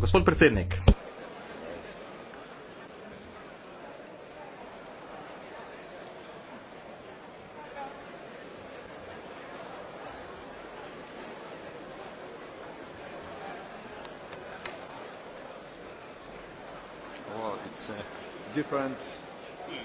Gospod predsednik. Oh, uh, different hmm